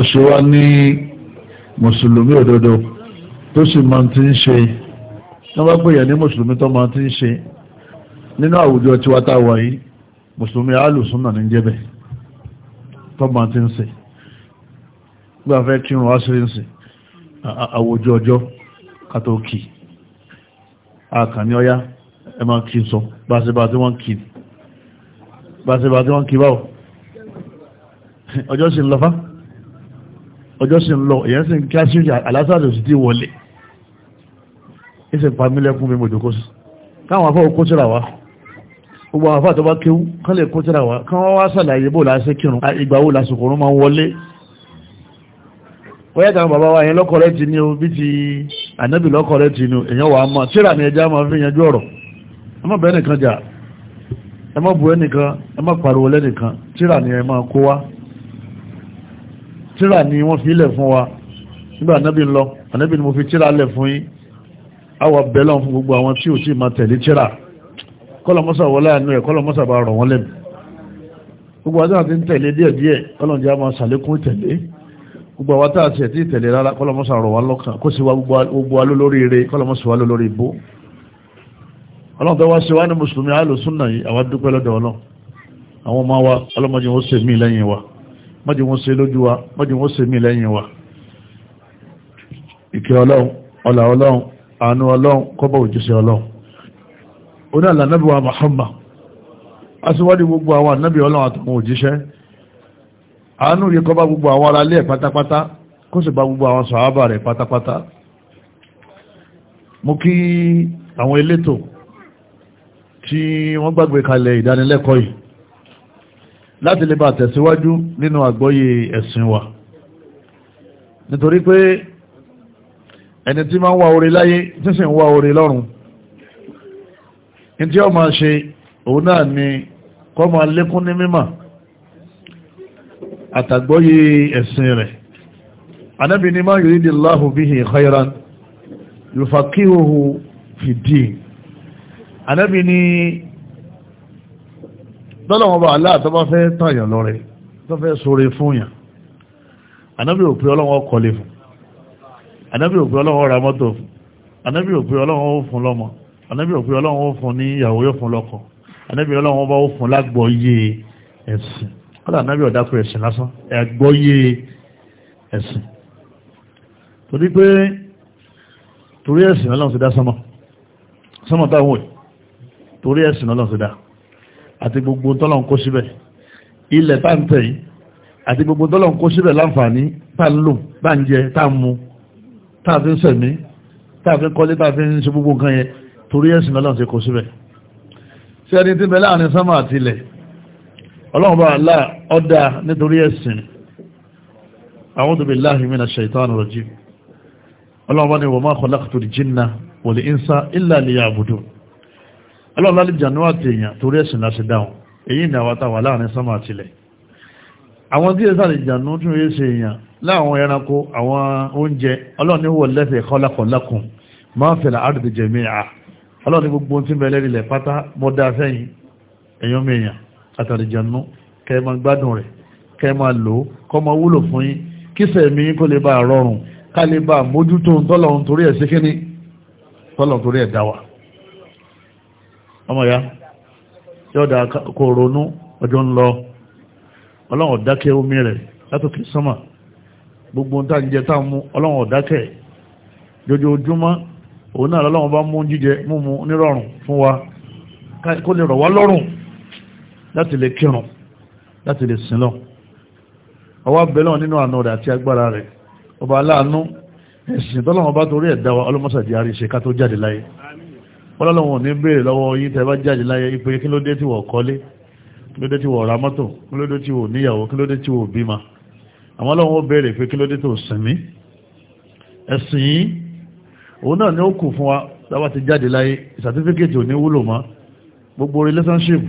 ó ṣe wá ní mùsùlùmí òdodo tó sì máa ti ń ṣe wọ́n bá gbèyàn ní mùsùlùmí tó máa ti ń ṣe nínú àwùjọ tiwa tá a wà yìí mùsùlùmí alùsùn náà ní jẹ́bẹ̀ tó máa ti ń ṣe gbà fẹ́ kírun wá sí ń ṣe àwùjọ ọjọ́ kátó kì àkànní ọyá ẹ máa kì í sọ bá tí wọ́n kì bá ṣe tí wọ́n kì báwò ọjọ́ sì ń lọ fáà ọjọ́ sì ń lọ èyàn sì ń kí aṣíjì alásàdì sì ti wọlé ìsìn pàmílẹ́kún mi mòjò kó sí káwọn afọ́ kó tíra wá gbogbo àwọn afọ́ àtọ́bá kéwú kán lè kó tíra wá kán wọ́n wá sàlàyé bó láṣẹ kírun ìgbà wo lásìkò rún máa wọlé ó yàtọ̀ bàbá wa yẹn lọ́kọ̀ rẹ̀ ti ní o bí ti ànábì lọ́kọ̀ ti ní èyàn wà á mọ̀ tíra ni ẹja máa fi yanjú ọ̀rọ̀ ẹ má bẹ́ẹ̀ nìkan jà ẹ má bu ẹnìkan ẹ má pariwo lẹ́nìkan tíra ni ẹ máa kó wá tíra ni wọ́n fi ilẹ̀ fún wa nígbà anábì ń lọ anábì ni mo fi tíra lẹ̀ fún yín àwa bẹ̀lọ́ fún gbogbo àwọn tí ò tí ma tẹ̀lé tíra kọ́lọ̀mọ́sà wọlé àánú ẹ̀ kọ́lọ̀mọ́sà bá rọ̀ wọ́n lẹ́nu gbogbo àwọn tí ń tẹ̀lé díẹ̀díẹ̀ kọ́lọ̀njẹ́ a máa sàlékún tẹ̀lé gbogbo àwọn tá a ti ẹ̀tí tẹ̀lé rárá kọ́lọ̀mọ́sà rọ̀ wá lọ́kàn kó sì wá ọlọ́mọdé wọn sì mí lẹ́yìn wa mọ́jì wọ́n ṣe lójú wa mọ́jì wọ́n ṣe mí lẹ́yìn wa ìkẹ́ ọlọ́run ọlà ọlọ́run àánú ọlọ́run kọ́bọ̀ òjíṣẹ́ ọlọ́run oní àlànàbí wa Muhammad aṣíwájú gbogbo àwọn ànábì ọlọ́run àtàwọn òjíṣẹ́ àánú yìí kọ́ bá gbogbo àwọn ará ilé pátápátá kó sì bá gbogbo àwọn sàhábà rẹ̀ pátápátá mo kí àwọn elétò tí wọ́n gbàgbé kalẹ̀ ìdánilẹ́kọ̀ọ́ yìí láti lè bá tẹ̀síwájú nínú àgbọ́yé ẹ̀sìn wa nítorí pé ẹni tí máa ń wá orí láyé tí sì ń wá orí lọ́run ní tí ó máa ṣe òun náà ni kó máa lékún ní mímọ̀ àtàgbọ́yé ẹ̀sìn rẹ̀ anábì ni máa yìí di láhù bihi khairan yufaqihuhu fi din anábì ni lọ́lọ́wọ́n bá aláà tó bá fẹ́ tààyàn lọ́rẹ tó fẹ́ sóre fún yàn anábì òpin ọlọ́wọ́n kọlé fún anábì òpin ọlọ́wọ́n ra mọ́tò fún anábì òpin ọlọ́wọ́n fún lọ́mọ anábì òpin ọlọ́wọ́n fún ní ìyàwó yóò fún lọ́kọ anábì ọlọ́wọ́n bá fún lágbọ́yé ẹ̀sìn kọ́lá anábì ọ̀dákùn ẹ̀sìn lásán ẹ̀gbọ́yé ẹ̀sìn torí pé torí ẹ̀sìn ọlọ́run ti dá sánmọ̀ sánmọ̀ táwọn torí ẹ̀sìn ọlọ́run ti dá àti gbogbo tọ́lọ̀n kó síbẹ̀ ilẹ̀ tá ń tẹ̀ yìí àti gbogbo tọ́lọ̀n kó síbẹ̀ láǹfààní tá ń lò tá ń jẹ tá ń mu tá a fi ń sẹ̀mí tá a fi ń kọ́lé tá a fi ń ṣe gbogbo nǹkan yẹn torí ẹ̀sìn lọ́lọ́run ti kó síbẹ̀ sí ẹni tí ń bẹ sánmà àti ilẹ̀ ọlọ́run bá là ọ́dà nítorí ẹ̀sìn a'udhu billahi minash shaitani rajim ọlọ́run bá ní wa ma khalaqtu al ọlọ́run lálẹ́ jànú àtẹ̀yàn torí ẹ̀sìn láti dáhùn èyí ni àwọn àtàwà láàrin sánmà àtìlẹ̀ àwọn tí ẹ̀sà lè jànú tún yé ṣe èèyàn láwọn ẹranko àwọn oúnjẹ ọlọ́run ní wọ̀ lẹ́fẹ̀ kọ́lákọ̀lákùn máa ń fẹ̀lẹ̀ àdùdì jẹ̀mí à ọlọ́run ní gbogbo tí mẹ́lẹ́ ilẹ̀ pátá mọ́dá sẹ́yìn èèyàn mẹ́yàn àtàlẹ̀ jànú kẹ́ máa ọmọ ya yọ́dá kò ronú ọjọ́ ń lọ ọlọ́run ọ̀dákẹ́ omi rẹ̀ látòkè sánmà gbogbo ń tàn jẹ tàn mú ọlọ́run ọ̀dákẹ́ jojoojúmọ́ òun náà lọ́lọ́run bá mú jíjẹ múmu nírọ̀rùn fún wa kó lè rọ̀ wá lọ́rùn láti lè kírun láti lè sin lọ ọwá bẹ̀lọ́ nínú àna rẹ̀ àti agbára rẹ̀ ọba aláàánú ẹ̀sìn tọ́lọ́run bá torí ẹ̀dá wa ọlọ́mọsàdì àríṣe ká tó jáde láyé wọ́n lọ́wọ́ ní béèrè lọ́wọ́ yín tẹ́ bá jáde láyé ìpè kí ló dé tí wọ́n kọ́lé kí ló dé tí wọ́n ra mọ́tò kí ló dé tí wọ́n níyàwó kí ló dé tí wọ́n bímọ àwọn lọ́wọ́ béèrè pé kí ló dé tó sinmi ẹ̀sìn yìí òun náà ni ó kù fún wa láwá ti jáde láyé certificate ò ní wúlò mọ́ gbogbo relationship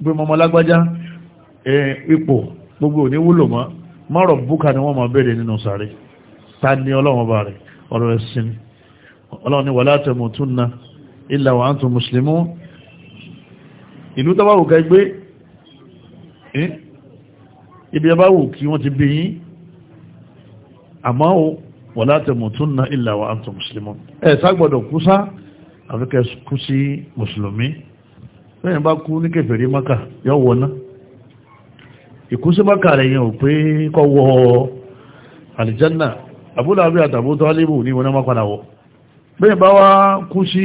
gbé mọ́mọ́ lágbájá ipò gbogbo ò ní wúlò mọ́ márọ̀ búkà ni wọ́n máa béèrè nínú sàárè ta ni ọlọ́wọ́n bá rẹ̀ ọ̀rọ̀ ẹ̀sìn ọlọ́wọ́n ni wà látẹ̀mọ̀tún náà illa wa antum muslimun ìlú tọ́wà òkè gbé ibi ẹbá wù kí wọ́n ti bí yín àmọ́ wala tamutunna illa wa antum muslimun ẹ̀ ságbọ́dọ̀ kúsá àfikẹ́ kú sí mùsùlùmí lẹ́yìn bá kú ní kèfèrí maka yọ wọná ìkú sí maka rẹ̀ yẹn ò pé kọ́ wọ àlìjánà àbúlà àbí àtàbótọ́ alébù ní wọn náà má padà wọ̀ bẹ́yìn bá wá kú sí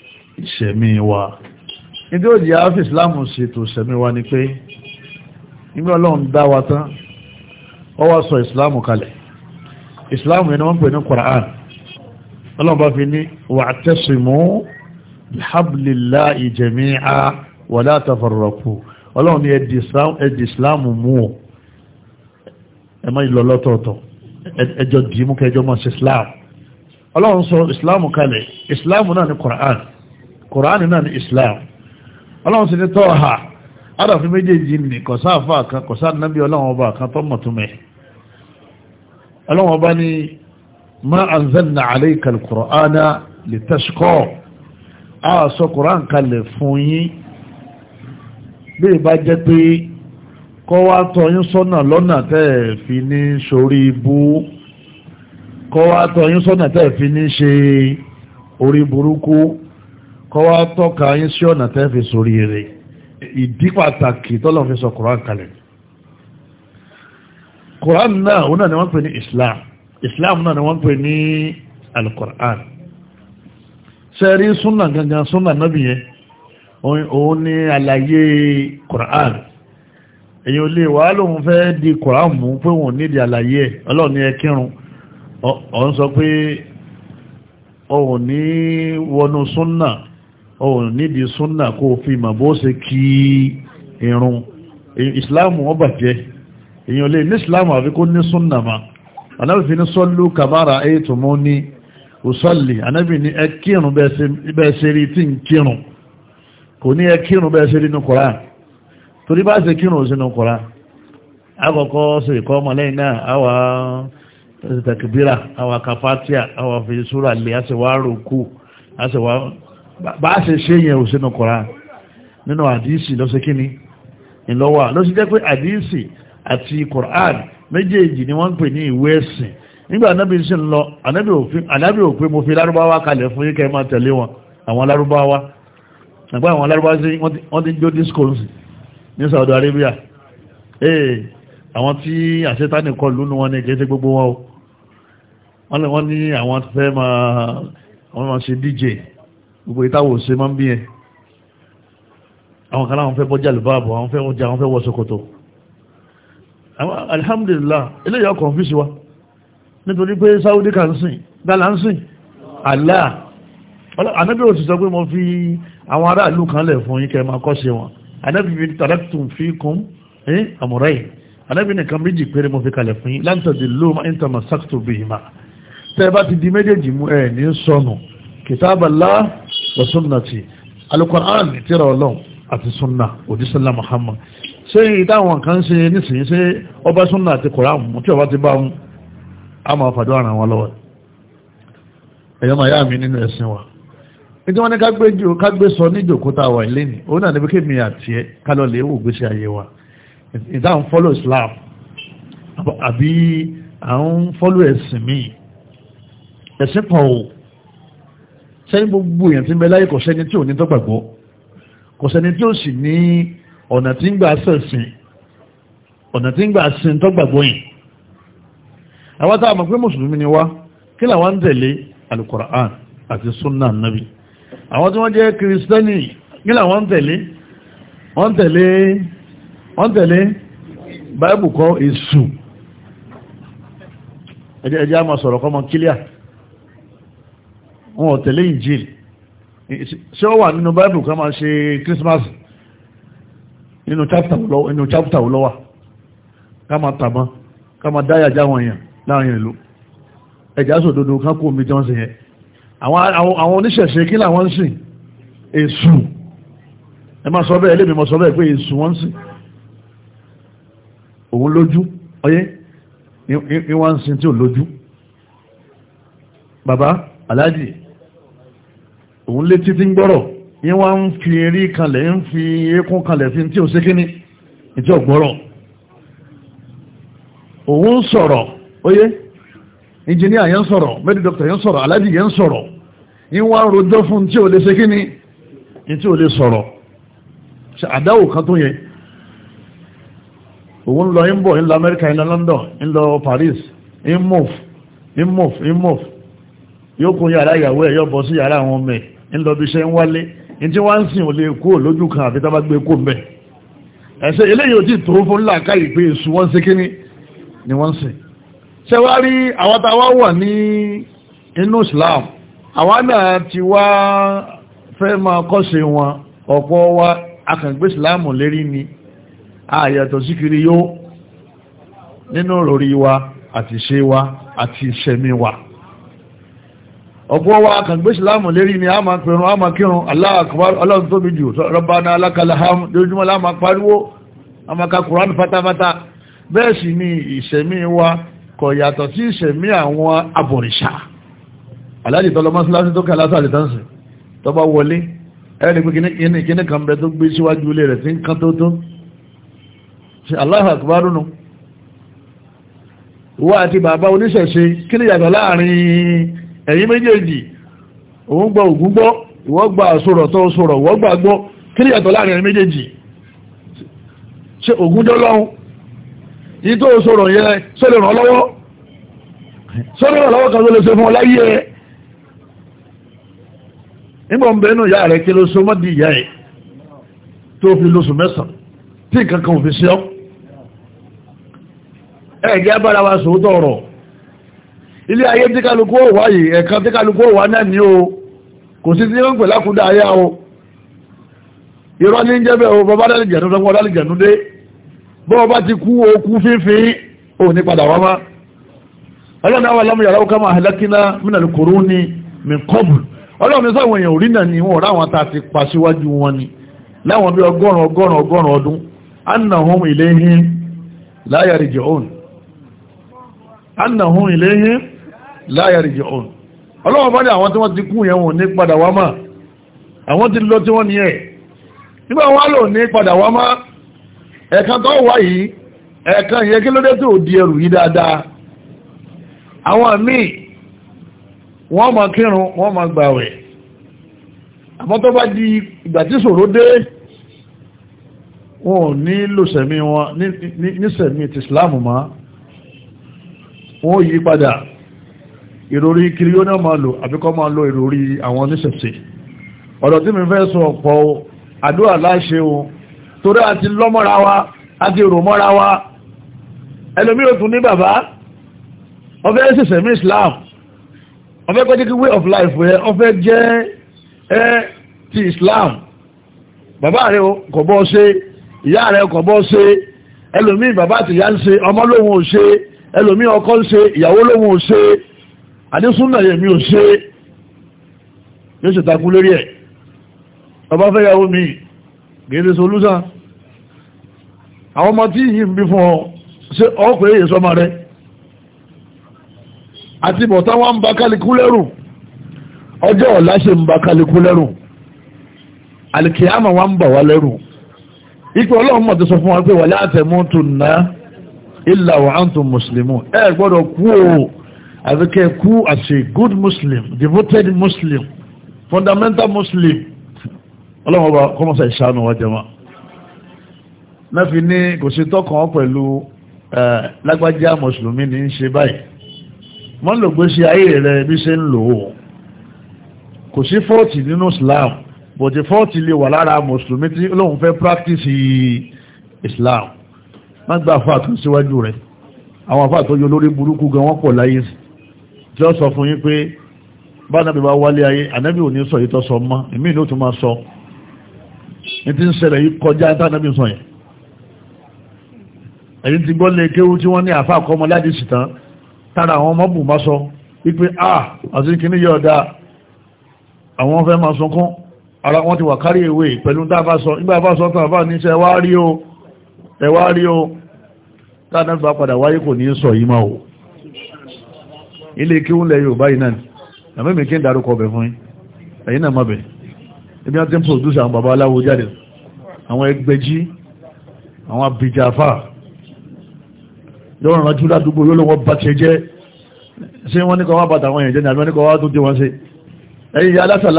ìṣẹ̀mí wa nítorí òjì àáfì ìsìláàmù ṣètò ìṣẹ̀mí wa ni pé nígbà ọlọ́run dá wa tán ó wá sọ ìsìláàmù kalẹ̀ ìsìláàmù yẹn ni wọ́n pè ní Qur'an ọlọ́run bá fi ní wa'tasimu bihablillahi jami'a wa la tafarraqu ọlọ́run ni ẹ̀dì ìsìláàmù mú ọ ẹ má lọ lọ́tọ̀ọ̀tọ̀ ẹjọ́ dìímú kẹjọ́ mọ́ sí islam ọlọ́run sọ islam kalẹ̀ islam náà ni Qur'an kòránì náà ní islam ọlọ́run sì ní tọ́ọ̀hà ádàfí méjèèjì ní kọ̀sáàfà kan kọ̀sáànábí ọlọ́run ọba kan tó mọ̀túnmẹ̀ ọlọ́run ọba ní ma anzalna alayka al-qur'ana litashqa a sọ kòrán kalẹ̀ fún yín bí ìbá jẹ́ pé kọ́ wá tọ́ yín sọ́nà lọ́nà tẹ́ẹ̀ fi ní sórí ibú kọ́ wá tọ́ yín sọ́nà tẹ́ẹ̀ fi ní ṣe orí burúkú kọ́wá tọ́ka yín sí ọ̀nà tẹ́ fi sórí rẹ̀ ìdí pàtàkì tọ́lọ̀ fi sọ koran kalẹ̀ koran náà òun ni wọ́n pè ní islam islam náà ni wọ́n pè ní alukoran sẹ́rí súnà gangan súnà náà bìyẹn òun ni àlàyé koran èyí lè wà lóun fẹ́ di koran mú pé òun nídìí àlàyé ẹ̀ ọlọ́ọ̀ni ẹ kírun ọ̀ ń sọ pé òun ní wọnú súnà o nídìí súnà kó fi mà bó ṣe kí irun ìsìláàmù ọba jẹ́ èyàn lè ní ìsìláàmù àfi kó ní súnà ma anábì fi ní sọ́lú kàbára ètò mọ́ ní òsọ́lì anábì ní ẹ kírun bẹ́ẹ̀ ṣe rí tí ń kírun kò ní ẹ kírun bẹ́ẹ̀ ṣe rí ní kọ́ra torí bá ṣe kírun sínú kọ́ra akọ̀kọ́ sì kọ́ ọmọlẹ́yìn náà àwa tẹ̀sítẹ̀kìbíra àwa kàfátíà àwa fi súrà lè àṣewà rò kú àṣewà bá a ṣe ṣe yẹn ò sínú Kùránì nínú àdíìsì lọ́sẹ̀ kíní ìlọ́wà lọ́sí jẹ́ pé àdíìsì àti Kùránì méjèèjì ni wọ́n ń pè ní ìwé ẹ̀sìn nígbà anábì ń sì ń lọ anábì ò pé mo fi lárúbáwá kalẹ̀ fún yíkẹ́ máa tẹ̀lé wọn àwọn lárúbáwá nígbà àwọn lárúbáwá sí wọ́n ti jó disco ní Saudi Arabia ee àwọn tí àṣetánì kọ lónú wọn ní kéde gbogbo wọn o wọ́n ní àwọn fẹ́ máa ṣe DJ gbogbo ìtawò ṣe máa ń bí yẹn àwọn kan láwọn fẹ́ bọ́jà lùbáàbọ̀ àwọn fẹ́ ọjà àwọn fẹ́ wọ ṣòkòtò alhamdulillah eléyà ọkọ̀ fíṣi wa nítorí pé Saudi kan sìn dala ń sìn Allah anábí ò sì sọ pé mo fi àwọn aráàlú kan lẹ̀ fún yín kẹ́ máa kọ́ sí wọn anábí fi taraktum fikum amúráì anábí nìkan méjì péré mo fi kalẹ̀ fún yín lan tadillu ma in tamassaktum bihima tẹ́ bá ti di méjèèjì mú ẹ̀ wa sunnati alukoran tírà ọlọ́run àti sunna òjísọ́lá muhammad ṣe ìdáwọn kan ṣe nísìnyí ṣe ọba sunna àti koran tí ọba ti bá wọn a máa fàdó ara wọn lọ́wọ́ ẹ̀yọ́ máa yá mi nínú ẹ̀sìn wa ní tí wọ́n ní ká gbé sọ ní ìjòkúta wà ilé ni òun náà ní pé mi àti ẹ kálọ̀ lè wò gbé sí ayé wa ìdáhùn follow islam àbí àwọn follow ẹ̀sìn míì ẹ̀sìn pọ̀ sẹ́yìn gbogbo èèyàn ti ń bẹ láyé kò sẹ́ni tí ò ní tọ́gbàgbọ́ kò sẹ́ni tí ó sì ní ọ̀nà tí ń gbà sẹ̀sìn ọ̀nà tí ń gbà sin tọ́gbàgbọ́ yìí àwọn tá a mọ̀ pé mùsùlùmí ni wá kí làwọn ń tẹ̀lé alukura'an àti sunna nabi àwọn tí wọ́n jẹ́ kìrìsìtẹ́nì kí làwọn ń tẹ̀lé wọ́n tẹ̀lé wọ́n tẹ̀lé báìbù kọ́ èṣù ẹjẹ́ ẹjẹ́ a máa sọ̀rọ̀ kọ́ mọ́ kílíà wọn ò tẹ̀lé ìjìl ṣé ó wà nínú bible ká máa ṣe christmas nínú chapter lọ́wà ká máa tàbọn ká máa dáyà já wọn èèyàn láàrin ìlú ẹ̀já sòdodo ká kó omi tí wọ́n sì yẹn àwọn oníṣẹ̀ṣe kí làwọn ń sìn èṣù ẹ máa sọ bẹ́ẹ̀ lébi mọ̀ sọ bẹ́ẹ̀ pé èṣù wọ́n ń sìn òun lójú ọyé ìwọ̀n ń sìn tí ò lójú bàbá aláàjì òun létí tí ń gbọ́rọ̀ yín wá ń fi eré kanlẹ̀ ń fi eékún kanlẹ̀ fi tí ò sí kíní ìjọ gbọ́rọ̀ òun sọ̀rọ̀ oyé engineer yẹn sọ̀rọ̀ medical doctor yẹn sọ̀rọ̀ alájì yẹn sọ̀rọ̀ yín wá ń rojọ́ fún tí ò lè ṣe kíní tí ò lè sọ̀rọ̀ àdáwò kan tó yẹ òun lọ ń bọ̀ ń lọ Amẹ́ríkà ń lọ London ń lọ Paris ń move ń move ń move yóò kún yàrá ìyàwó ẹ̀ yóò bọ́ sí yàrá àwọn ọmọ ẹ̀ ńlọbiṣẹ́ ń wálé ní tí wọ́n ń sìn ò lè kó lójú kan àbí tábà gbé kó mbẹ̀ ẹ̀sẹ̀ eléyìí ò tí tó fún làákà ìpè èṣù wọ́n ṣe kíní ni wọ́n sìn ṣe wá rí àwọn táwa wà ní inú Islam àwa náà ti wá fẹ́ máa kọ́ṣe wọn ọ̀pọ̀ wa akàngbé Islam lérí ni àyàtọ̀ sí kiri nínú òròrí wa àti ṣe wa àti ìṣẹ̀mí wa ọ̀pọ̀ wa kàn gbé ìsìláàmù lérí ni a máa pẹ̀rún a máa kírun Allahu Akbar ọlọ́run tóbi jù Rabbana lakal hamd lójúmọ́ láà máa pariwo a máa ka Kùránì pátápátá bẹ́ẹ̀ sì ni ìṣẹ̀mí wa kò yàtọ̀ sí ìṣẹ̀mí àwọn abọ̀rìṣà aláàdì tọ́lọmọ́síláṣí tó kàlásà àlìtánsì tó bá wọlé ẹni pé kíní kan bẹ tó gbé síwájú ilé ẹ̀yin méjèèjì òun gbọ́ ògún gbọ́ ìwọ gba àsọ̀rọ̀ tó sọ̀rọ̀ ìwọ gbà gbọ́ kí ni yàtọ̀ láàrin ẹ̀yin méjèèjì ṣe ògún dọ́lọ́hun yìí tó sọ̀rọ̀ yẹn sọ́lẹ̀ ràn lọ́wọ́ sọ́lẹ̀ ràn lọ́wọ́ kan tó lè ṣe fún ọ láyé ẹ̀ nígbà ń bẹ́ẹ̀ nù ìyá rẹ̀ kí ló so mọ́ di ìyá ilé ayé tí kálukú ó wá yìí ẹ̀kan tí kálukú ó wá náà ní o kò sí tí wọ́n pè lákúndà ayá o irọ́ ní jẹ́bẹ̀ o bọ́bá dálìjẹ̀nú lọ́wọ́ dálìjẹ̀nú dé bọ́ọ̀bá ti kú o kú fífín o ní padà wá má ọlọ́run àwọn alámú yàrá ọkọ̀ máa hàlákínà mínàlì kòrò ní mìkọ́bù ọlọ́run sáwọn èèyàn orí ni wọ́n ráwọn ta ti pa wọn ni láwọn bí ọgọ́rùn ọgọ́rùn ọgọ́rùn ọdún annahum ilayhim la yarji'un annahum ilayhim láyàrí jẹ òun ọlọ́wọ́ bá ní àwọn tí wọ́n ti kún yẹn wọn ní padà wá máa àwọn ti lọ tí wọ́n ní ẹ̀ nígbà wọ́n lò ní padà wá máa ẹ̀kan tó wà yìí ẹ̀kan yẹ kí ló tó di ẹrù yìí dáadáa àwọn àmì wọ́n máa kírun wọ́n máa gbàwẹ̀ àmọ́ tó bá di ìgbà tí ṣòro dé wọn ò ní lò sẹ̀mí wọn ní sẹ̀mí ti mọ́ wọn ò yí padà ìròrí kiri yóò náà máa lò àbíkọ́ máa lo ìròrí àwọn oníṣẹ̀ṣẹ̀ ọ̀rọ̀ tí mi fẹ́ sọ ọ̀pọ̀ o àdúrà láṣẹ o torí àti lọ́mọ́ra wa àti rò mọ́ra wa ẹlòmí ò tún ní bàbá ọfẹ́ ṣẹ̀ṣẹ̀ mí Islam ọfẹ́ kọjá kí way of life rẹ ọfẹ́ jẹ́ ẹ ti Islam bàbá rẹ kò bọ́ ṣe ìyá rẹ kò bọ́ ṣe ẹlòmí bàbá àti ìyá ń ṣe ọmọ lòun ò ṣe ẹlòmí ọkọ ń ṣe ìyàwó lòun ò ṣe àdísúnà yẹ̀mí ò ṣe yóò ṣe takú lórí ẹ̀ ọba fẹ́yàwó mi gẹ̀ẹ́lẹ́ solúsàn àwọn ọmọ tí yìí ń bí fún ọ ṣe ọkọ̀ èyí sọmọ rẹ àti bọ̀tá wọn ń ba kálíkú lẹ́rù ọjọ́ ọ̀la ṣe ń ba kálíkú lẹ́rù àlìkìyàmà wa ń bà wá lẹ́rù ipò ọlọ́run mọ̀ ti sọ fún wa pé wala tamutunna illa wa antum muslimun ẹ gbọ́dọ̀ kú o àfikẹ́ kú as a good muslim devoted muslim fundamental muslim ọlọ́mọba kọmọsà ìṣàánú wa jẹma náà fi ní kò sí tọ́kàn pẹ̀lú lágbájá mùsùlùmí ní í ṣe báyìí wọ́n lò gbé sí ayé rẹ̀ bí ṣe ń lò ó kò sí fọ́ọ̀tì nínú islam bòtí fọ́ọ̀tì lè wà lára mùsùlùmí tí olóhùn fẹ́ practice islam má gbà fáà tó síwájú rẹ̀ àwọn afáà tó yọ lórí burúkú gan wọ́n pọ̀ láyé sí tí ó sọ fún yín pé bá anábì bá wálé ayé anábì ò ní sọ yìí tó sọ mọ́ èmi ní ó tún máa sọ ní ti ń ṣẹlẹ̀ yìí kọjá ní tánábì sọ yẹn èyí ti gbọ́ lé kéwú tí wọ́n ní àfa àkọ́mọ láti sì tán tára àwọn ọmọ bù má sọ wípé a àti kìíní yọ ọ̀dà àwọn fẹ́ máa sunkún ara wọn ti wà kárí ìwé pẹ̀lú dáfà sọ nígbà bá sọ tán àbá níṣẹ́ wá rí o ẹ̀wá rí o tánábì bá padà o ilé kí ó ń lẹ yorùbá yìí náà àmì mi kí ń darúkọ ọbẹ̀ fún yín ẹ̀yin náà má bẹ̀ ibi wọ́n ti ń pòdúsì àwọn baba aláwo jáde àwọn ẹgbẹ́jí àwọn abìjàfà yóò rànjú ládùúgbò yóò lọ́wọ́ bá tiẹ̀ jẹ́ ṣé wọ́n ní kọ́ bàtà àwọn ẹ̀jẹ̀ ní àbí wọ́n ní kọ́ wá tó dé wọn ṣe ẹ̀yin aláṣà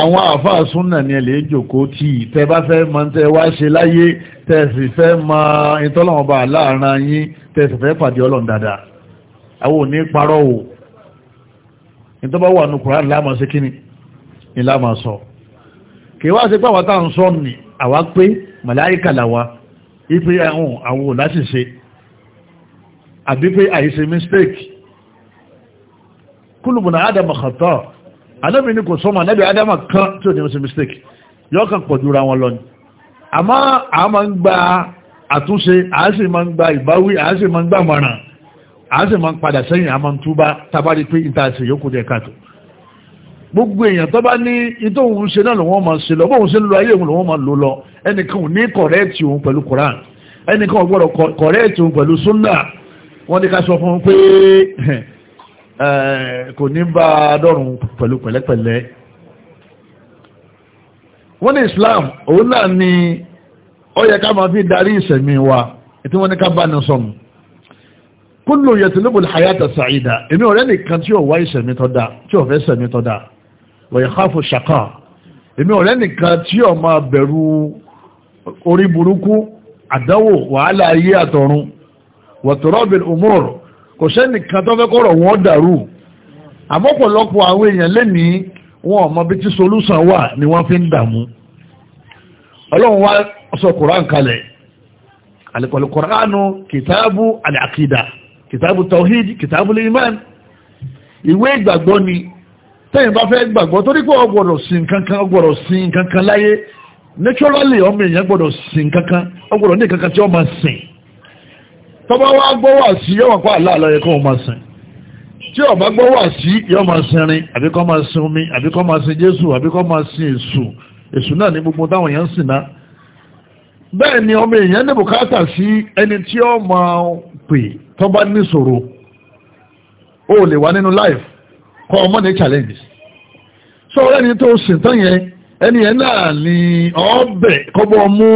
àwọn àfáà súnà ni ẹ̀lẹ́ ìjòkó tí tẹ bá fẹ́ ma ń tẹ wá ṣe láyé tẹ sì fẹ́ ma ìtọ́lọ̀mọba láàrin yín tẹ sì fẹ́ pàdé ọlọ́n dáadáa àwọn ò parọ́ o ìtọ́bá wà ní kùrán láàmà sí kíni ni láàmà sọ kì wá sí pàwọ́ tá à ń sọ ni àwa pé màláìkà làwa ipe ẹ̀hún àwọn ò láṣìṣe àbí pé àìṣe mistake kúlùmùnà ádámù khata anábì ní kò sọ́mọ anábì adama kan tí ò ní ṣe mistake yóò kàn pọ̀ jura wọn lọ ni àmọ́ a máa ń gba àtúnṣe a sì máa ń gba ìbáwí a sì máa ń gba mọ̀ràn a sì máa ń padà sẹ́yìn a máa ń túbá tabari pé ìta àṣẹ yóò kó jẹ káàtó gbogbo èèyàn tó bá ní ìtò òun ṣe náà lòun máa ṣe lọ bóun ṣe ń lo ayé òun lòun máa lò lọ ẹnìkan ò ní kọ̀rẹ́ẹ̀tì òun pẹ̀lú koran ẹnìkan ò gbọ́dọ̀ kọ̀rẹ́ẹ̀tì òun pẹ̀lú sunna wọ́n ní ká sọ fún un pé kò ní bá dọ́rùn pẹ̀lú pẹ̀lẹ́pẹ̀lẹ́ wọ́n ní Islam òun náà ni ó yẹ ká máa fi darí ìṣẹ̀mí wa tí wọ́n ní ká bá ní sọnù kúlù yẹtùlùbù hayata sa'ida èmi ọ̀rẹ́ nìkan tí ó wá ìṣẹ̀mí tó dáa tí ó fẹ́ ṣẹ̀mí tó dáa wọ̀yẹ̀ káfù ṣàkà èmi ọ̀rẹ́ nìkan tí ó máa bẹ̀rù orí burúkú àdánwò wàhálà ayé àtọ̀run wọ̀tọ̀rọ̀bìn umar kò sẹ́nìkan tó fẹ́ kọ́rọ̀ wọn dàrú àmọ́pọ̀lọpọ̀ àwọn èèyàn lẹ́nìí wọn ọmọ bí wà ni wọ́n fi ń dààmú ọlọ́run wá sọ kùrán kalẹ̀ àlẹ́kọ̀lẹ̀ kùránù kìtàbù kìtàbù tawhid kìtàbù liman ìwé ìgbàgbọ́ ni sin sin kankan gbọ́dọ̀ sin kankan tọ́bá wá gbọ́wà sí yọ́ wọ́pá aláàlọ́ yẹ kọ́ ma sin tí ọba gbọ́wà sí yọ́ máa sinrin àbí kọ́ ma sin omi àbí kọ́ máa sin Jésù àbí kọ́ máa sin Èṣù Èṣù náà ní gbogbo táwọn èèyàn sìn ná bẹ́ẹ̀ ni ọmọ èèyàn ní bùkátà sí ẹni tí ọ máa pè tọ́bá níṣòro ó lè wà nínú life kọ́ ọmọ ní challenges sọ ẹni tó sìn tán yẹn ẹni yẹn náà ni ọ̀ọ́bẹ̀ kọ́bọ̀ mú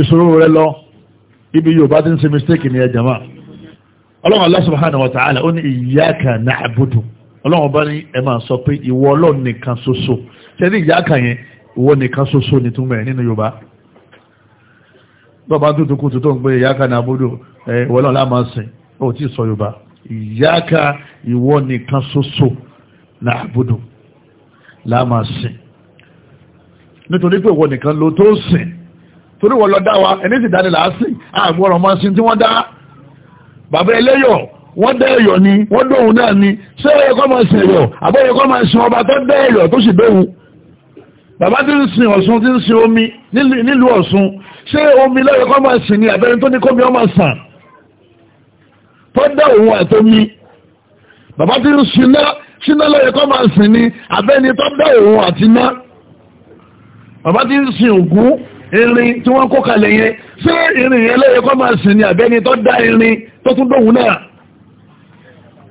ìṣòro rẹ lọ ibi yóò bá ti ń ṣe mistake ní ẹjẹ̀ máa ọlọ́run Allah subhanahu wa ta'ala ó ní iyyaka na'budu ọlọ́run bá ní ẹ máa sọ pé ìwọ ọlọ́run nìkan ṣoṣo ṣe ní iyyaka yẹn ìwọ nìkan ṣoṣo ní túmọ̀ nínú yorùbá bọ́ọ̀bá tuntun kùtù tó ń pè iyyaka na'budu ìwọ ọlọ́run láà máa sìn ó ti sọ yorùbá iyyaka ìwọ nìkan ṣoṣo na'budu láà máa sìn nítorí pé ìwọ nìkan ló tó sìn torí wọ́n lọ dá wa ẹni sì dáni làásì àgbọ̀rọ̀ máa sin tí wọ́n dá bàbá ẹlẹ́yọ̀ wọ́n dá ẹ̀yọ̀ ni wọ́n dóhun náà ni ṣé ẹ̀yẹ kọ́ máa sin ẹ̀yọ̀ àbọ̀ ẹ̀yẹ kọ́ máa sin ọba tó dá ẹ̀yọ̀ tó sì dóhun bàbá tí ń sin ọ̀ṣun tí ń sin omi nílùú ọ̀ṣun ṣé omi lẹ́yẹ kọ́ máa sin ni àbẹ́rin tó ní kómi ọmọ sàn tó dá òun àtomi bàbá tí ń sin náà síná kọ́ máa sin ni àbẹ́ni tó dá òun àti bàbá tí ń sin ògún irin tí wọ́n kó kalẹ̀ yẹn ṣé irin yẹn lẹ́yẹ kọ́ máa ní àbẹ́ni tó dá irin tó tún dóhun náà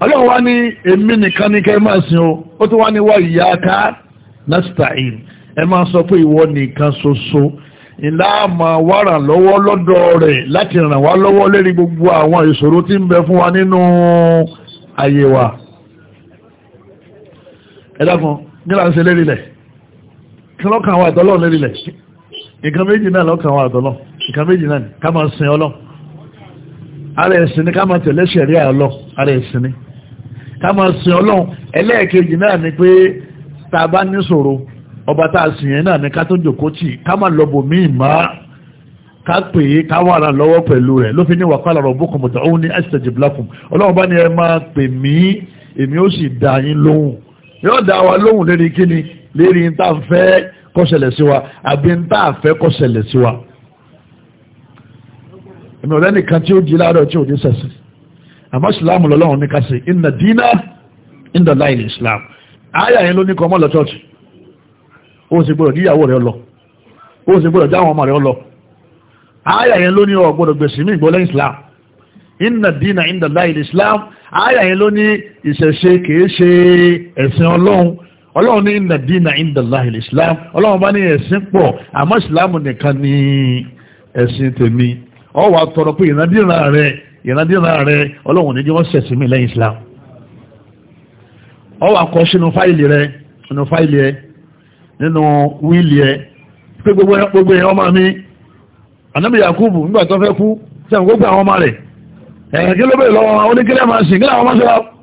ọlọ́run ní èmi nìkan ní kẹ́ máa sìn o ó tún wá ní wá ìyá ká nasta'in ẹ máa sọ pé ìwọ nìkan ṣoṣo ìlà máa lọ́wọ́ lọ́dọ̀ rẹ̀ láti ràn wá lọ́wọ́ lérí gbogbo àwọn ìṣòro tí ń fún wa nínú ayé wa nǹkan méjì náà lọ́kàn wa àtọ́lọ́ nǹkan méjì náà ká máa sin ọlọ́ ara ẹ̀sìn ni ká máa tẹ̀lé ṣẹ̀rí àlọ́ ara ẹ̀sìn ni ká máa sin ọlọ́ ẹlẹ́ẹ̀kejì náà ni pé tá a bá ní ṣòro ọba tá a sìn yẹn náà ni ká tó jòkó tì ká máa lọ bò míì má ká pè é ká wà ràn lọ́wọ́ pẹ̀lú rẹ̀ ló fi ní wàkàlà rabbukum ud'uni astajib lakum ọlọ́run bá ní ẹ máa pè mí èmi ó sì dá yín lóhùn yóò dá wa lóhùn lérí kíni lérí tá a fẹ́ kọ́ṣẹlẹ̀ sí wa àbí ń tá àfẹ́ kọ́ṣẹlẹ̀ sí wa ẹ̀mí ọ̀rẹ́ nìkan tí ó jí láàárọ̀ tí ò ní sẹ̀sìn àmọ́ ìsìláàmù lọ́lọ́run ní ká ṣe inna dina inda láì ní ìsìláàmù ayà yẹn ló ní kọ́ mọ́lọ chọ́ọ̀chì ó sì gbọ́dọ̀ díyàwó rẹ̀ lọ ó sì gbọ́dọ̀ dáwọn ọmọ rẹ̀ lọ ayà yẹn ló ní ọ gbèsè mí ìgbọ́lẹ̀ ìsìláàmù inna dina inda láì ìsìláàmù ayà yẹn ló ní ìṣẹ̀ṣe kìí ṣe ẹ̀sìn ọlọ́run ọlọ́run ní inna dina inda islam ọlọ́run bá ní ẹ̀sìn pọ̀ àmọ́ ìsìláàmù nìkan ní ẹ̀sìn tèmi ọ wà tọrọ pé ìrandíran rẹ rẹ ọlọ́run níjẹ́ wọ́n sẹ̀sìn mi lẹ́yìn islam ọ wà kọ sínú fáìlì rẹ fáìlì ẹ nínú wíìlì ẹ pé gbogbo gbogbo ọmọ mi anabi yakubu nígbà tó fẹ́ kú sẹ́wọ̀n gbogbo àwọn ọmọ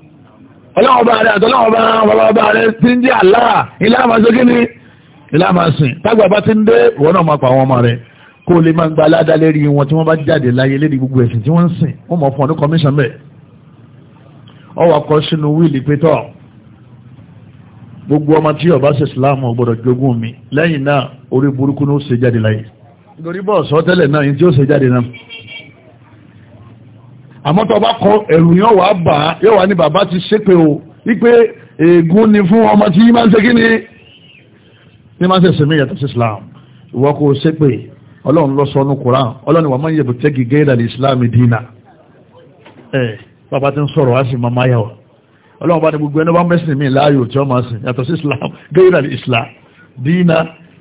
ọlọ́wọ́ bá rẹ̀ àtọ́lọ́wọ́ bá bàbá bá rẹ̀ ti ń jẹ́ àlá ilé àmàṣókí ni ilé àmàṣìn tágbà bá ti ń dé wọ́n náà máa pa àwọn ọmọ rẹ̀ kó lè máa gba aládá lérí wọn tí wọ́n bá jáde láyé lérí gbogbo ẹ̀sìn tí wọ́n ń sìn wọ́n mọ̀ fún ọ ní commission bẹ́ẹ̀ akọ sínú wíìlì pé gbogbo ọmọ tí ọba ṣe Islam ọgbọ́dọ̀ jogún mi lẹ́yìn náà orí burúkú ni ó ṣe jáde láyé nítorí bọ́ọ̀sọ́ tẹ́lẹ̀ náà yìí tí ó ṣe jáde náà àmọ́ tó bá kọ ẹ̀rù yóò wá bà á yóò wá ní bàbá ti ṣépè o wípé ègún ni fún ọmọ tí máa ń ṣe kí ni ní máa ń ṣe sèmi yàtọ̀ sí Islam ìwọ kò ṣépè ọlọ́run lọ sọ ní Quran ọlọ́run ìwà máa ń yẹ̀bù tẹ́gì gẹ́gẹ́ ní Islam dínà ẹ̀ bàbá ti ń sọ̀rọ̀ á sì máa máa yà wá ọlọ́run bá ní gbogbo ẹni bá mẹ́sìn mi láàyò tí wọ́n máa sìn yàtọ̀ sí Islam gẹ́gẹ́ ní Islam dínà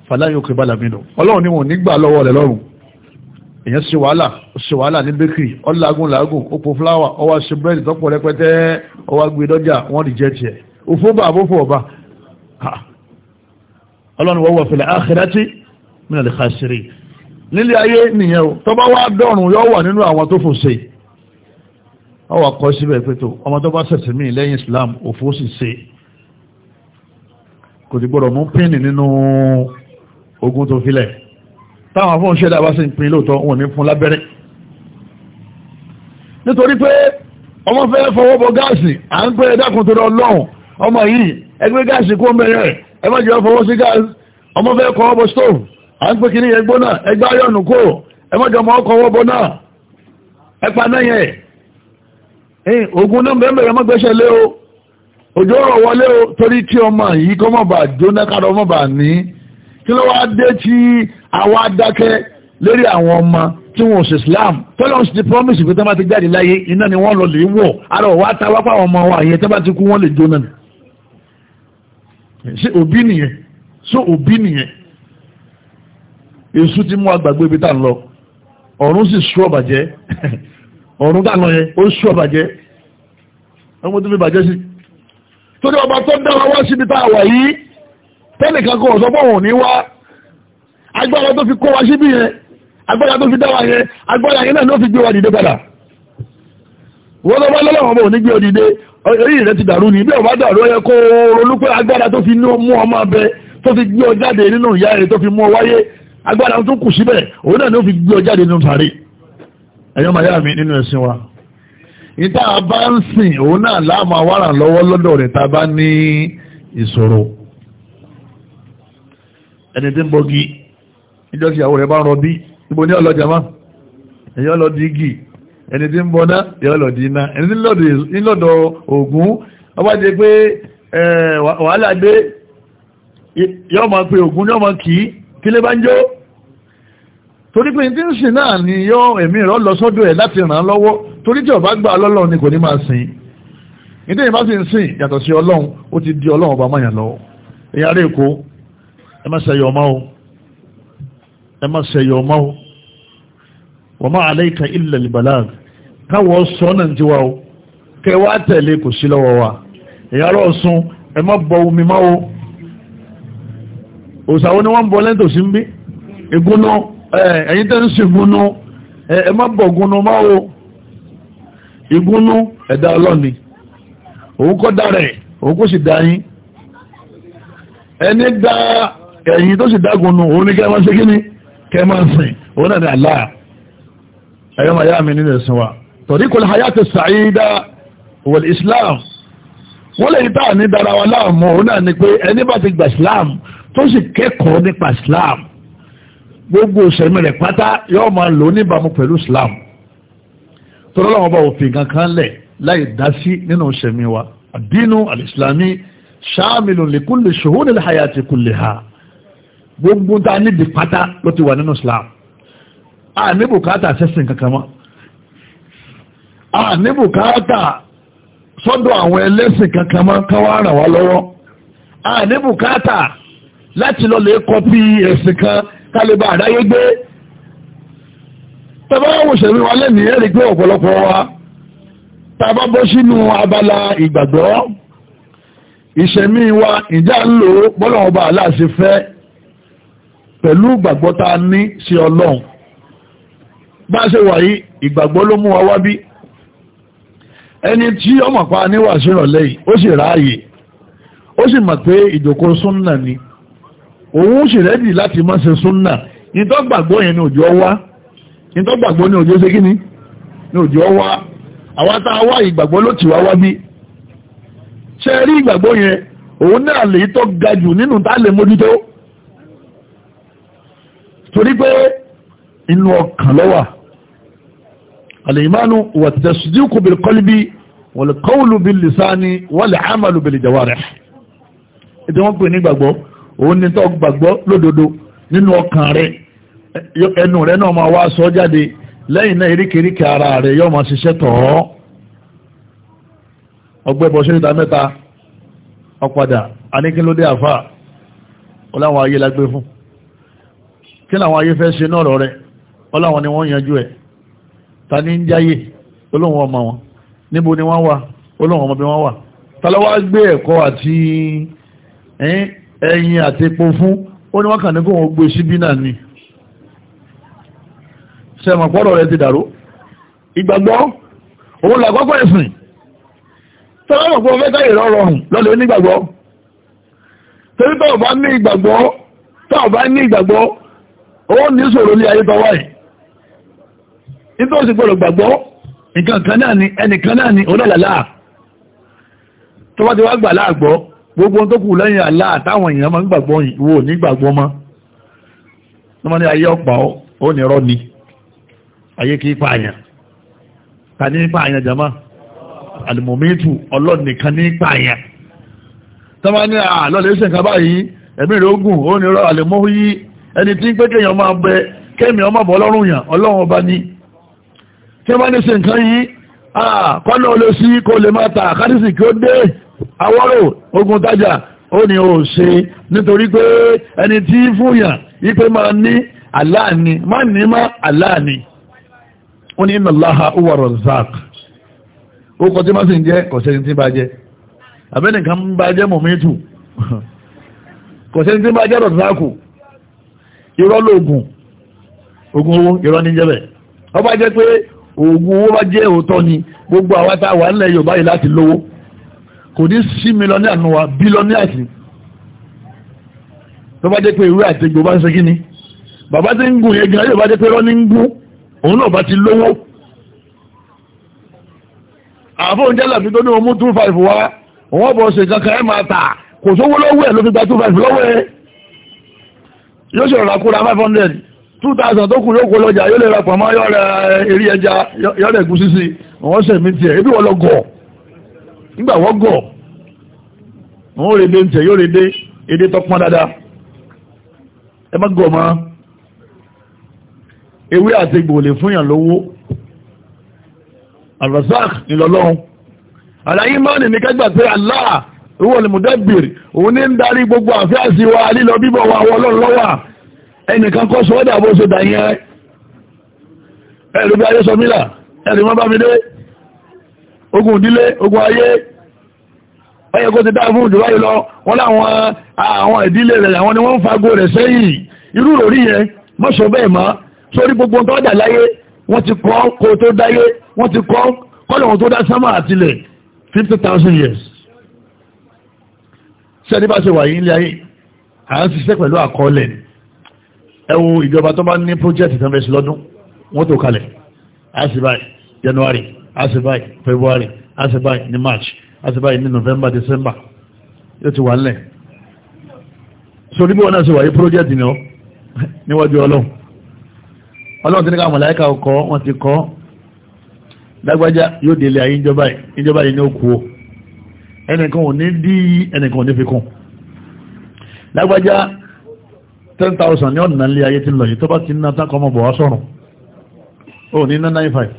fàlàyé ni wọn ò ní èyàn ṣe wàhálà ṣe wàhálà ní bakery ọlágún làágùn òpó fúláwà ọwá ṣe búrẹ́dì tọ́pọ̀ rẹpẹtẹ ọwá gbé dọ́jà wọ́n rí jẹ́ tiẹ̀ òfóbà àbófò ọba ọlọ́run wọ́wọ́ fil akhirati min al khasirin nílé ayé nìyẹn o tọ́ba wá dọ̀rùn yọ wà nínú àwọn tó fò ṣe ọwọ́ akọ síbẹ̀ pẹ̀tọ́ ọmọ tó bá ṣẹ̀ṣẹ̀ mí lẹ́yìn Islam òfó sì ṣe kò ti gbọ́dọ̀ mú pínì nínú ogun tó filẹ̀ táwọn afọ́n ṣẹ́dá bá sí ìpín lóòtọ́ wọn ní fún lábẹ́rẹ́ nítorí pé ọmọ fẹ́ fọwọ́ bọ gáàsì à ń pẹ́ ẹ̀dákun tó lọ́hùn ọmọ yìí ẹgbẹ́ gáàsì kó mẹ́rẹ̀ ẹ má jẹ́ fọwọ́ sí gáàsì ọmọ fẹ́ kọ́ ọbọ stove à ń pẹ́ kí ní ẹgbó náà ẹgbẹ́ ayọ́nù kó ẹ má jọ mọ́ ọkọ̀ náà ẹ àwa dákẹ́ lórí àwọn ọmọ tí wọn ò ṣe Islam tọ́lọ́n ti promise pé tí wọ́n bá ti jáde láyé iná ni wọ́n lọ lè wọ̀ ara ọ̀wá ta wápá àwọn ọmọ wa àyẹ̀ tí wọ́n bá ti kú wọ́n lè jóná ni ṣé òbí nìyẹn ṣé òbí nìyẹn èṣù ti mú agbàgbé ibi tá à ń lọ ọ̀run sì sú ọ̀bàjẹ́ ọ̀run tá à ń lọ yẹn ó sú ọ̀bàjẹ́ ọmọ tó fi bàjẹ́ sí torí ọba tó dára wá síbi tá a wà yìí tẹ́nìkan kò sọ agbára tó fi kó wa síbí yẹn agbára tó fi dá wa yẹn agbára yẹn náà ló fi gbé wa dìde padà wọ́n lọ́wọ́ lọ́wọ́ ọmọ òní gbé ọ dìde orí rẹ̀ ti dàrú ni bí ọba dàrú ẹ kó ronú pé agbára tó fi mú ọmọ abẹ tó fi gbé ọ jáde nínú ìyá rẹ̀ tó fi mú ọ wáyé agbára tó kù síbẹ̀ òun náà ló fi gbé ọ jáde nínú sàárè ẹ̀yọ́ màyá mi nínú ẹ̀sìn wa ìta bá ń sìn òun náà láàmú àwárà lọ́wọ́ lọ́dọ̀ rẹ̀ ta bá ní ìṣòro ẹni tí ń bọ́gi níjọ́ sí àwọn rẹ̀ bá rọ bí ibo ní ọlọ́jà máa èyàn lọ di igi ẹni tí ń bọ́ná èyàn lọ di iná ẹni tí ń lọ́dọ̀ ògún ọba jẹ pé wàhálà dé yọ́ máa pe ògún yọ́ máa kì kí lé bá ń jó torí pé tí ń sìn náà ni yọ́ ẹ̀mí rẹ̀ lọ sọ́dọ̀ ẹ̀ láti ràn án lọ́wọ́ torí tí ọba gbà lọ́lọ́run ni kò ní máa sìn ìdí ìbá sì ń sìn yàtọ̀ sí ọlọ́run ó ti di ọlọ́run ọba máyàn lọ́wọ́ èyàn ẹ má ṣẹyọ ọmọ o wọ́n má alayka illa al-balag káwọ́ sọ náà ti wá o kẹ wá tẹ̀lé kò sí lọ́wọ́ wa ìyàrá ọ̀sùn ẹ má bọ omi má o òsàwọn ni wọ́n ń bọ lẹ́ntòsí ń bí ìgúnnú ẹ̀yìn tẹ́ ń sìn gúnnú ẹ bọ̀ gúnnú má o ìgúnnú ẹ̀dá ọlọ́ni òun kọ́ dá rẹ̀ òun kò sì dá yín ẹni dá ẹ̀yìn tó sì dá gúnnú òun ní kẹ́ wọ́n ṣe kí ni kẹ́ máa sìn òun náà ni Allah ẹ̀yọ́ máa yá mi nínú ẹ̀sìn wa tariqul hayati sa'ida wal islam wọ́n lè tá à ní dára wa láàmú òun náà ni pé ẹni bá ti gba islam tó sì kẹ́kọ̀ọ́ nípa islam gbogbo ìṣẹ̀mí rẹ̀ pátá yóò máa lò níbàámu pẹ̀lú islam tọ́lọ́ làwọn bá òfin kankan lẹ̀ láì dá sí nínú ìṣẹ̀mí wa àdínú al-islami shamilu li kulli shuhun al-hayati gbogbo ta níbi pátá ló ti wà nínú Islam a ní bùkátà sẹ́sìn kankan mọ́ a ní bùkátà sọ́dọ̀ àwọn ẹlẹ́sìn kankan mọ́ káwá ràn wá lọ́wọ́ a ní bùkátà láti lọ lè kọ́pì ẹ̀sìn kan kálíbà àdáyé gbé tọ́bá òṣèlú wa lẹ́nìí ẹ̀rí pé ọ̀pọ̀lọpọ̀ wa tàbá bọ́ sínú abala ìgbàgbọ́ ìṣẹ̀mí wa ìjà ń lò bọ́lọ̀ ọba aláàṣẹ fẹ́ pẹ̀lú ìgbàgbọ́ tá a ní sí ọlọ́run bá ṣe wà yí ìgbàgbọ́ ló mú wa wá bí ẹni tí ọmọ pa níwà sírọ̀lẹ́ yìí ó sì ráàyè ó sì mọ̀ pé ìjòkó súnnà ni òun sì rẹ́dì láti má ṣe súnnà nítọ́ gbàgbọ́ yẹn ni òjò wá nítọ́ gbàgbọ́ ni òjò ṣe kí ni ni òjò wá àwa tá a wá ìgbàgbọ́ ló ti wá wá bí ṣe rí ìgbàgbọ́ yẹn òun náà lè tọ́ ga jù nínú tá a lè mójútó torí pé inú ọkàn lọ́wà alìmánu wà tẹ̀sídíkù bil qalbi wal qawlu bil lisani wal amalu bil jawarih ètò wọ́n pè ní gbàgbọ́ òun ni tó gbàgbọ́ lódodo nínú ọkàn rẹ̀ ẹnu rẹ̀ náà máa wá sọ jáde lẹ́yìn náà eríkèríkè ara rẹ̀ yóò máa ṣiṣẹ́ tọ̀ọ́ ọgbẹ́ bọ̀ ṣẹ́ta mẹ́ta ọ̀padà aníkínlódé àfà ọláwọn ayé lágbé fún kí làwọn ayé fẹ́ ṣe náà rọ̀ rẹ̀ ọláwọn ni wọ́n yanjú ẹ̀ ta ní ń jáyè olóhùn ọmọ wọn níbo ni wọ́n wà olóhùn ọmọ bí wọ́n wà talawa gbé ẹ̀kọ́ àti ẹyin àti epo fún ó ní wọ́n kàn ní kó wọ́n gbé síbí náà ni sẹ́mọ̀ pọ́rọ̀ rẹ̀ ti dàrú ìgbàgbọ́ òun làkọ́kọ́ ẹ̀sìn tọ́lọ́mọ̀ pé ọfẹ́ káyè rọrọ̀ hùn lọ́lẹ̀ onígbàgbọ́ torí tọ́ọ̀ bá ní ìgbàgbọ́ tọ́ọ̀ bá ní ìgbàgbọ́ o ní sọ̀rọ̀ ní ayé tọwọ́ ẹ̀ nítorí sì gbọ́dọ̀ gbàgbọ́ nǹkan kan náà ni ẹnìkan na ni tó bá ti wá gbà láàgbọ́ gbogbo tó kù lẹ́yìn àlá àtàwọn èèyàn máa ń gbàgbọ́ ìwò ní gbàgbọ́ mọ́ wọ́n máa ayé ọ̀pá ó ní ni ayé kì pààyàn jama alimomitu ọlọ́nìkan ní pààyàn tó máa àlọ́lẹ́sẹ̀ kan ẹ̀mí ogun ó ní rọ́ ẹni tí ń pé kéèyàn máa bẹ kéèmì ọmọ bọ̀ lọ́rùn yàn ọlọ́run ọba ni tí wọ́n ní ṣe nǹkan yìí kọ́nà olè sí kó lè máa ta àkádìsì kí ó dé awọ́rò ogun tájà ó ní o ṣe nítorí pé ẹni tí fún yàn ipe máa ní aláàní má ní má aláàní ó ní inna Allaha huwa ó kọ tí má sì ń jẹ́ kọ̀sẹ́ni tí bá jẹ́ àbẹ́nìkan bá jẹ́ mọ̀mẹ́tù kọ̀sẹ́ni tí bá jẹ́ rọ̀záàkù irọ́ lóògùn ogun owó irọ́ ní jẹ́bẹ̀ ọba jẹ́ pé oògùn owó bá jẹ́ òótọ́ ni gbogbo àwa tá a wà nílẹ̀ Yorùbá yìí láti lówó kò ní sí mílíọ̀nìà nù wa bílíọ̀nìàsì tó bá jẹ́ pé ìwé àti ìgbò bá ń ṣe kíni bàbá tí ń gùn yẹn gan yóò bá jẹ́ pé rọ́ ní ń gún òun náà bá ti lówó àfóhùn jẹ́ làfi tó ní omu two five wá òun ọ̀bọ̀ ṣe kankan ẹ̀ máa tà kò sówó lọ́wọ́ ẹ̀ ló fi gba two five lọ́wọ́ ẹ̀ yóò ṣe rọra kúra five hundred two thousand tó kù yóò kó lọ́jà yóò lè ra pàmọ́ yóò rẹ eré ẹja yóò rẹ gúsí sí wọ́n ṣe mí tiẹ̀ ebi wọ́n lọ gọ̀ nígbà wọ́n gọ̀ wọ́n rè dé tiẹ̀ yóò rè dé èdè tó pọn dáadáa ẹ má gọ̀ mọ́ ewé àti gbòòlè fún yàn lówó alrasak ńlọlọ́run àlàyé mọ́ni ní kẹ́gbà pé Allah owó olùmùdẹ́gbèrè òun ní ń darí gbogbo àfíàsí wa lílọ bíbọ̀ wa wọ lọ́wọ́ ẹnìkan kọ́ sọ ọ́dà bó ṣe dàyẹn ẹ̀rù bí ayé sọmílà ẹ̀rù mọ́ bá mi dé ogun ìdílé ogun ayé ọyẹ kó ti dá fún ìjọba yìí lọ wọ́n láwọn àwọn ìdílé rẹ̀ àwọn ni wọ́n ń fago rẹ̀ sẹ́yìn irú tó dá sámà àtilẹ̀ 50,000 years sẹ́ni bá ṣe wà yí ilé ayé à ń ṣiṣẹ́ pẹ̀lú àkọọ́lẹ̀ ni ẹ wo ìjọba tó bá ní project tó ń sí lọ́dún wọ́n tó kalẹ̀ a January a February a sì ní March a sì ní November December yóò ti wà nílẹ̀ so níbi wọn náà ṣe wà yí project ni ọ níwájú Ọlọ́run Ọlọ́run ti ní káwọn mọ̀láyíkà ọkọ̀ wọn ti kọ́ lágbájá yóò délé ayé ìjọba yìí ìjọba yìí ní ó o ẹnìkan ò ní dí ẹnìkan ò ní fi kún lágbájá 10,000 ní ọ̀nà ilé ayé ti lọ yìí tó bá ti ná tákọ ọmọ bọ̀ wá sọ̀rùn ó ní ná 95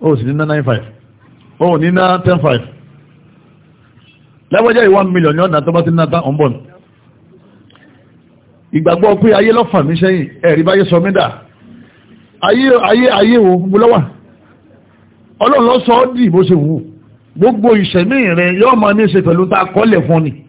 ó sì ní ná 95 ó ní ná 105 lágbájá yìí 1 million ní ọ̀nà tó bá ti ná tá ọ̀n bọ̀ ìgbàgbọ́ pé ayé lọ́fà mi sẹ́yìn ẹ̀rí báyé sọ mí dà ayé ayé ayé wo mo lọ́wà ọlọ́run ló sọ ọ́ dì bó ṣe wù ú gbogbo ìṣẹ̀mí rẹ yóò máa ní í ṣe pẹ̀lú tá a kọ́lẹ̀ fún ni